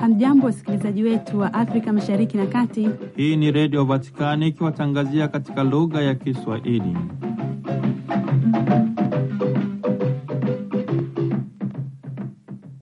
Hamjambo, wasikilizaji wetu wa Afrika mashariki na kati. Hii ni Redio Vatikani ikiwatangazia katika lugha ya Kiswahili.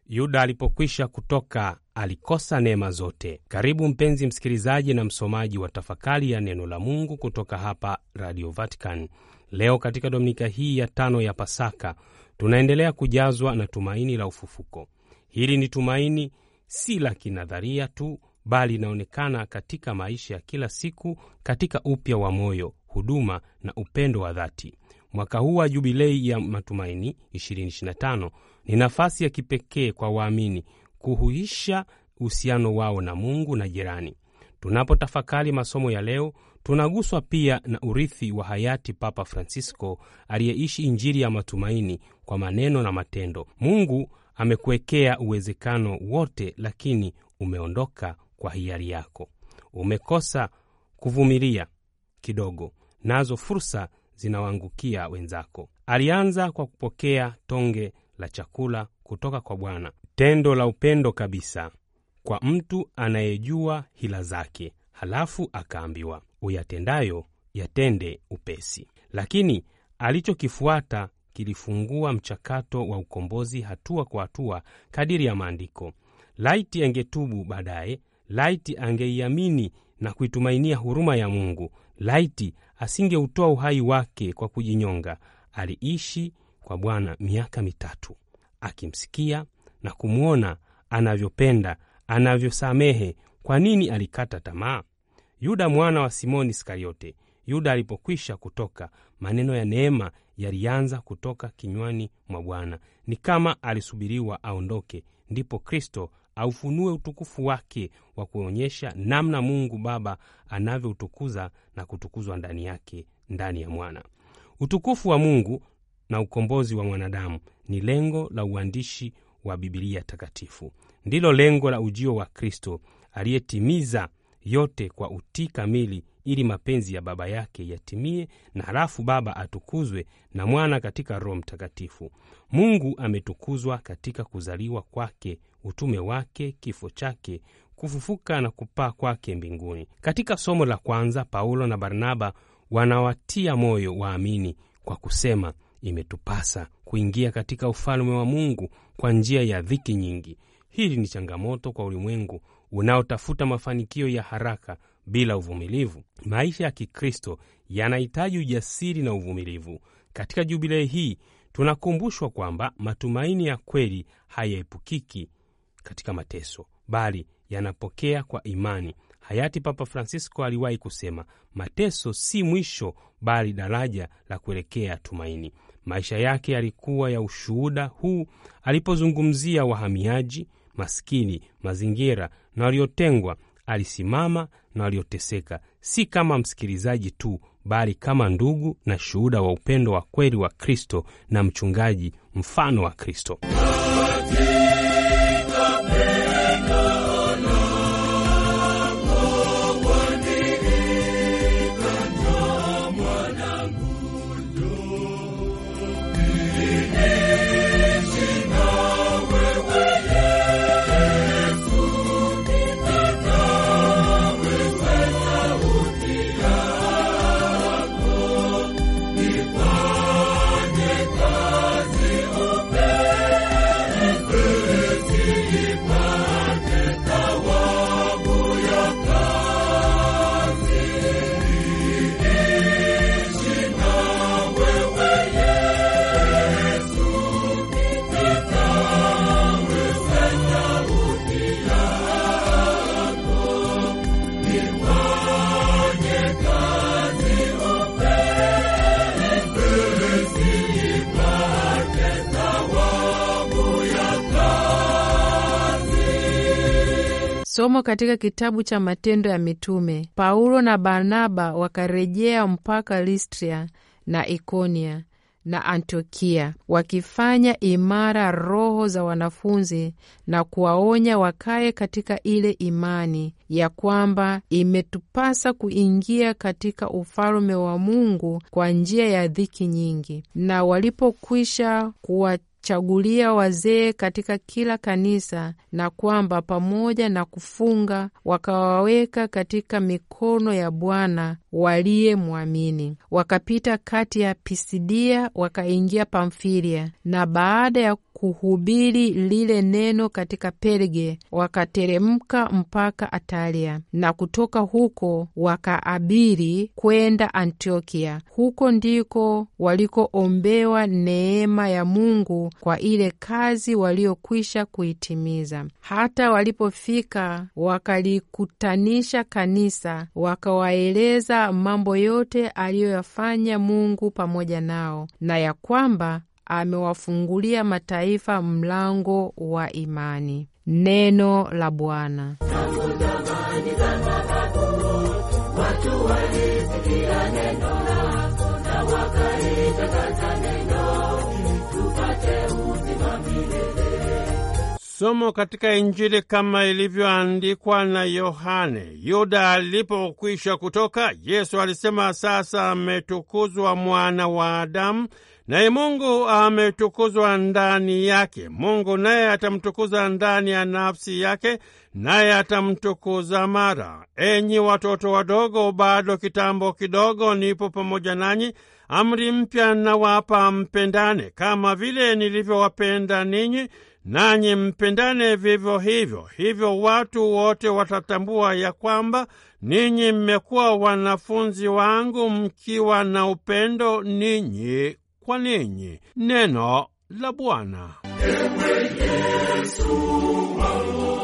Yuda alipokwisha kutoka alikosa neema zote. Karibu mpenzi msikilizaji na msomaji wa tafakari ya neno la Mungu kutoka hapa Radio Vatican. Leo katika dominika hii ya tano ya Pasaka, Tunaendelea kujazwa na tumaini la ufufuko. Hili ni tumaini si la kinadharia tu, bali inaonekana katika maisha ya kila siku, katika upya wa moyo, huduma na upendo wa dhati. Mwaka huu wa Jubilei ya Matumaini 2025 ni nafasi ya kipekee kwa waamini kuhuisha uhusiano wao na Mungu na jirani. Tunapotafakari masomo ya leo, tunaguswa pia na urithi wa hayati Papa Francisco aliyeishi Injili ya matumaini kwa maneno na matendo. Mungu amekuwekea uwezekano wote, lakini umeondoka kwa hiari yako. Umekosa kuvumilia kidogo, nazo fursa zinawaangukia wenzako. Alianza kwa kupokea tonge la chakula kutoka kwa Bwana, tendo la upendo kabisa kwa mtu anayejua hila zake, halafu akaambiwa uyatendayo yatende upesi. Lakini alichokifuata kilifungua mchakato wa ukombozi hatua kwa hatua kadiri ya maandiko. Laiti angetubu baadaye, laiti angeiamini na kuitumainia huruma ya Mungu, laiti asingeutoa uhai wake kwa kujinyonga. Aliishi kwa Bwana miaka mitatu akimsikia na kumwona anavyopenda anavyosamehe. Kwa nini alikata tamaa? Yuda mwana wa Simoni Iskariote. Yuda alipokwisha kutoka, maneno ya neema yalianza kutoka kinywani mwa Bwana. Ni kama alisubiriwa aondoke, ndipo Kristo aufunue utukufu wake wa kuonyesha namna Mungu Baba anavyoutukuza na kutukuzwa ndani yake, ndani ya Mwana. Utukufu wa Mungu na ukombozi wa mwanadamu ni lengo la uandishi wa Bibilia Takatifu. Ndilo lengo la ujio wa Kristo aliyetimiza yote kwa utii kamili ili mapenzi ya Baba yake yatimie, na halafu Baba atukuzwe na Mwana katika Roho Mtakatifu. Mungu ametukuzwa katika kuzaliwa kwake, utume wake, kifo chake, kufufuka na kupaa kwake mbinguni. Katika somo la kwanza, Paulo na Barnaba wanawatia moyo waamini kwa kusema imetupasa kuingia katika ufalme wa Mungu kwa njia ya dhiki nyingi. Hili ni changamoto kwa ulimwengu unaotafuta mafanikio ya haraka bila uvumilivu. Maisha ya Kikristo yanahitaji ujasiri na uvumilivu. Katika jubilei hii tunakumbushwa kwamba matumaini ya kweli hayaepukiki katika mateso, bali yanapokea kwa imani. Hayati Papa Francisco aliwahi kusema, mateso si mwisho, bali daraja la kuelekea tumaini. Maisha yake yalikuwa ya ushuhuda huu alipozungumzia wahamiaji, maskini, mazingira na waliotengwa. Alisimama na walioteseka, si kama msikilizaji tu, bali kama ndugu na shuhuda wa upendo wa kweli wa Kristo na mchungaji, mfano wa Kristo. Somo katika kitabu cha Matendo ya Mitume. Paulo na Barnaba wakarejea mpaka Listria na Ikonia na Antiokia, wakifanya imara roho za wanafunzi na kuwaonya wakaye katika ile imani, ya kwamba imetupasa kuingia katika ufalume wa Mungu kwa njia ya dhiki nyingi. Na walipokwisha kuwa kuwachagulia wazee katika kila kanisa, na kwamba pamoja na kufunga wakawaweka katika mikono ya Bwana waliyemwamini. Wakapita kati ya Pisidia wakaingia Pamfilia, na baada ya kuhubiri lile neno katika Perge, wakateremka mpaka Atalia na kutoka huko wakaabiri kwenda Antiokia. Huko ndiko walikoombewa neema ya Mungu kwa ile kazi waliokwisha kuitimiza. Hata walipofika wakalikutanisha kanisa, wakawaeleza mambo yote aliyoyafanya Mungu pamoja nao na ya kwamba amewafungulia mataifa mlango wa imani. Neno la Bwana. Somo katika Injili kama ilivyoandikwa na Yohane. Yuda alipokwisha kutoka, Yesu alisema, sasa ametukuzwa mwana wa Adamu, naye Mungu ametukuzwa ndani yake. Mungu naye atamtukuza ndani ya nafsi yake, naye atamtukuza mara. Enyi watoto wadogo, bado kitambo kidogo nipo pamoja nanyi. Amri mpya nawapa, mpendane kama vile nilivyowapenda ninyi, nanyi mpendane vivyo hivyo. Hivyo watu wote watatambua ya kwamba ninyi mmekuwa wanafunzi wangu, mkiwa na upendo ninyi kwanenye neno la Bwana. Ewe Yesu wangu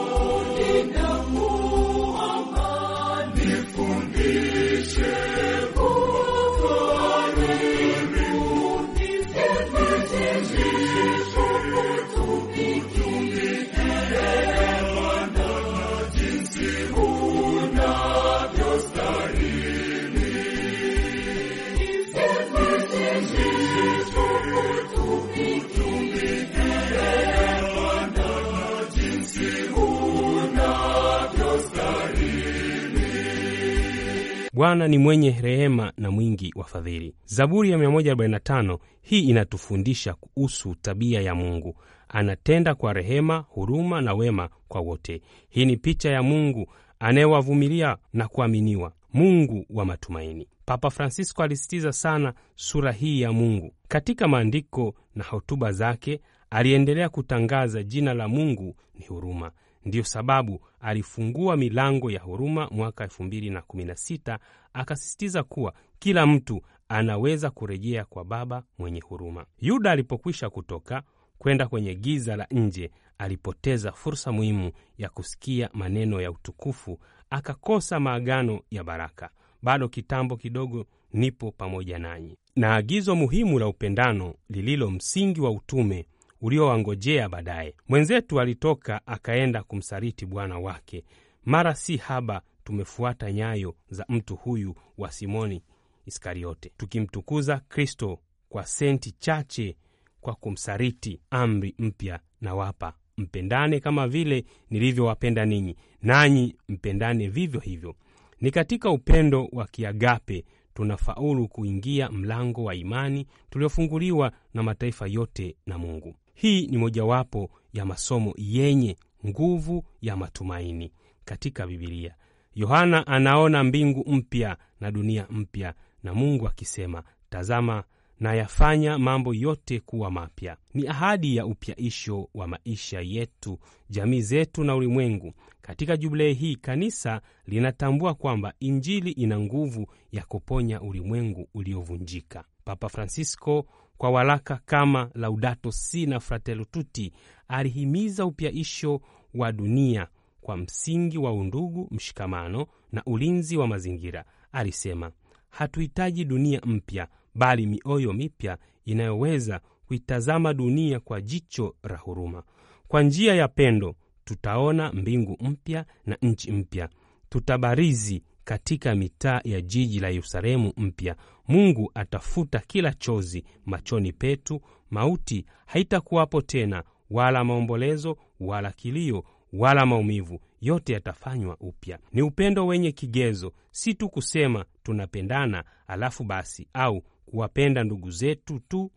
Bwana ni mwenye rehema na mwingi wa fadhili. Zaburi ya 145 hii inatufundisha kuhusu tabia ya Mungu. Anatenda kwa rehema, huruma na wema kwa wote. Hii ni picha ya Mungu anayewavumilia na kuaminiwa, Mungu wa matumaini. Papa Francisco alisitiza sana sura hii ya Mungu katika maandiko na hotuba zake. Aliendelea kutangaza jina la Mungu ni huruma. Ndiyo sababu alifungua milango ya huruma mwaka 2016 akasisitiza kuwa kila mtu anaweza kurejea kwa Baba mwenye huruma. Yuda alipokwisha kutoka kwenda kwenye giza la nje, alipoteza fursa muhimu ya kusikia maneno ya utukufu, akakosa maagano ya baraka. Bado kitambo kidogo nipo pamoja nanyi, na agizo muhimu la upendano lililo msingi wa utume uliowangojea baadaye. Mwenzetu alitoka akaenda kumsaliti bwana wake, mara si haba tumefuata nyayo za mtu huyu wa Simoni Iskariote, tukimtukuza Kristo kwa senti chache, kwa kumsaliti. Amri mpya nawapa, mpendane kama vile nilivyowapenda ninyi, nanyi mpendane vivyo hivyo. Ni katika upendo wa kiagape tunafaulu kuingia mlango wa imani tuliofunguliwa na mataifa yote na Mungu. Hii ni mojawapo ya masomo yenye nguvu ya matumaini katika bibilia Yohana anaona mbingu mpya na dunia mpya, na Mungu akisema, tazama nayafanya mambo yote kuwa mapya. Ni ahadi ya upyaisho wa maisha yetu, jamii zetu na ulimwengu. Katika jubilei hii, kanisa linatambua kwamba Injili ina nguvu ya kuponya ulimwengu uliovunjika. Papa Francisco kwa waraka kama Laudato Si na Fratelli Tutti alihimiza upyaisho wa dunia kwa msingi wa undugu, mshikamano na ulinzi wa mazingira. Alisema, hatuhitaji dunia mpya, bali mioyo mipya inayoweza kuitazama dunia kwa jicho la huruma. Kwa njia ya pendo, tutaona mbingu mpya na nchi mpya, tutabarizi katika mitaa ya jiji la Yerusalemu mpya. Mungu atafuta kila chozi machoni petu. Mauti haitakuwapo tena, wala maombolezo, wala kilio, wala maumivu. Yote yatafanywa upya. Ni upendo wenye kigezo, si tu kusema tunapendana alafu basi, au kuwapenda ndugu zetu tu,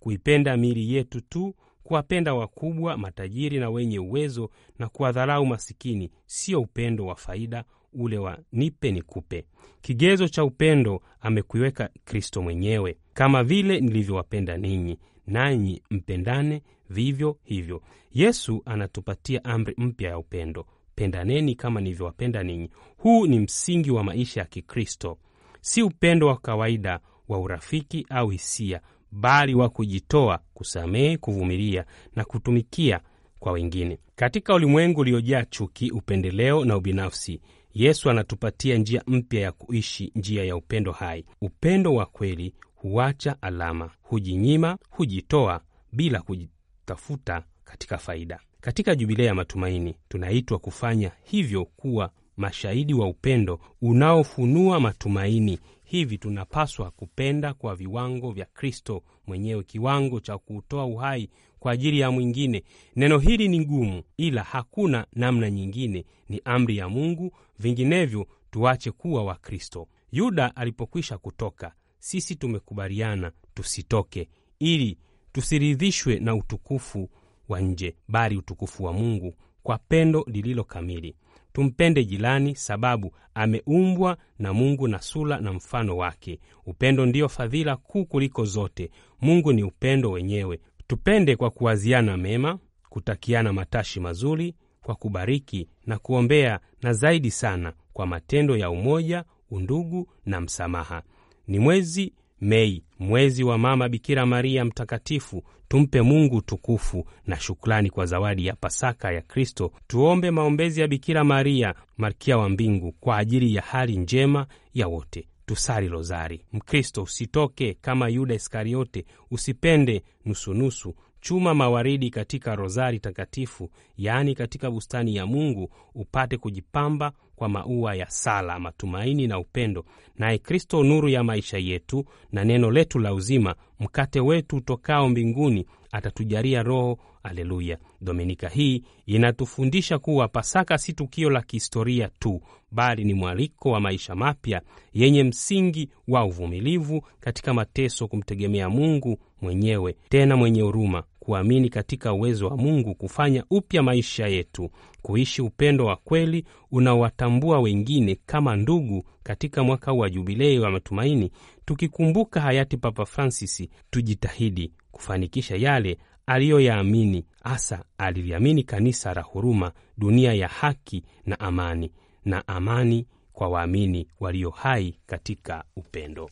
kuipenda miri yetu tu, kuwapenda wakubwa, matajiri na wenye uwezo, na kuwadharau masikini. Sio upendo wa faida ule wa nipe nikupe. Kigezo cha upendo amekuiweka Kristo mwenyewe, kama vile nilivyowapenda ninyi, nanyi mpendane vivyo hivyo. Yesu anatupatia amri mpya ya upendo, pendaneni kama nilivyowapenda ninyi. Huu ni msingi wa maisha ya Kikristo, si upendo wa kawaida wa urafiki au hisia, bali wa kujitoa, kusamehe, kuvumilia na kutumikia kwa wengine. Katika ulimwengu uliojaa chuki, upendeleo na ubinafsi, Yesu anatupatia njia mpya ya kuishi, njia ya upendo hai. Upendo wa kweli huacha alama, hujinyima, hujitoa bila kujitafuta katika faida. Katika Jubilei ya Matumaini tunaitwa kufanya hivyo, kuwa mashahidi wa upendo unaofunua matumaini. Hivi tunapaswa kupenda kwa viwango vya Kristo mwenyewe, kiwango cha kuutoa uhai kwa ajili ya mwingine. Neno hili ni gumu, ila hakuna namna nyingine, ni amri ya Mungu, vinginevyo tuache kuwa Wakristo. Yuda alipokwisha kutoka, sisi tumekubaliana tusitoke, ili tusiridhishwe na utukufu wa nje, bali utukufu wa Mungu kwa pendo lililo kamili. Tumpende jirani, sababu ameumbwa na Mungu na sura na mfano wake. Upendo ndiyo fadhila kuu kuliko zote. Mungu ni upendo wenyewe. Tupende kwa kuwaziana mema, kutakiana matashi mazuri, kwa kubariki na kuombea, na zaidi sana kwa matendo ya umoja, undugu na msamaha. Ni mwezi Mei, mwezi wa Mama Bikira Maria Mtakatifu. Tumpe Mungu tukufu na shukrani kwa zawadi ya Pasaka ya Kristo. Tuombe maombezi ya Bikira Maria, Malkia wa Mbingu, kwa ajili ya hali njema ya wote tusali rozari. Mkristo, usitoke kama Yuda Iskariote, usipende nusunusu. Chuma mawaridi katika rozari takatifu, yaani katika bustani ya Mungu, upate kujipamba kwa maua ya sala, matumaini na upendo. Naye Kristo, nuru ya maisha yetu na neno letu la uzima, mkate wetu utokao mbinguni atatujalia Roho. Aleluya! Dominika hii inatufundisha kuwa Pasaka si tukio la kihistoria tu, bali ni mwaliko wa maisha mapya yenye msingi wa uvumilivu katika mateso, kumtegemea Mungu mwenyewe, tena mwenye huruma, kuamini katika uwezo wa Mungu kufanya upya maisha yetu, kuishi upendo wa kweli unaowatambua wengine kama ndugu. Katika mwaka huu wa Jubilei wa matumaini, tukikumbuka hayati Papa Francis, tujitahidi kufanikisha yale aliyoyaamini, hasa aliliamini kanisa la huruma, dunia ya haki na amani, na amani kwa waamini walio hai katika upendo.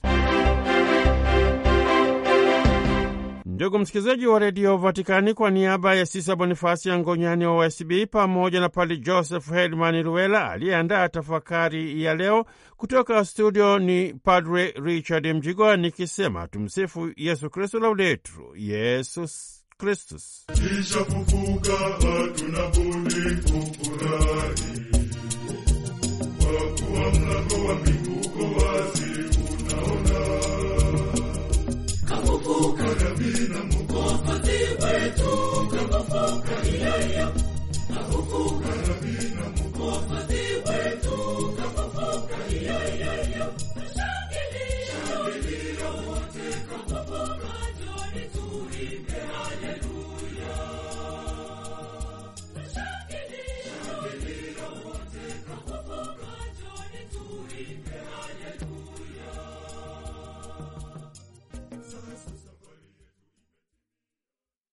Ndugu msikilizaji wa redio Vatikani, kwa niaba ya Sisa Bonifasi Ngonyani wa WSB pamoja na Pali Joseph Hedman Ruela aliyeandaa tafakari ya leo kutoka studio, ni Padre Richard Mjigwa nikisema tumsifu Yesu Kristu, Laudetur Yesus Kristus. hatuna budi kufurahi, kwa kuwa mlango wa uko wazi, unaona Karabina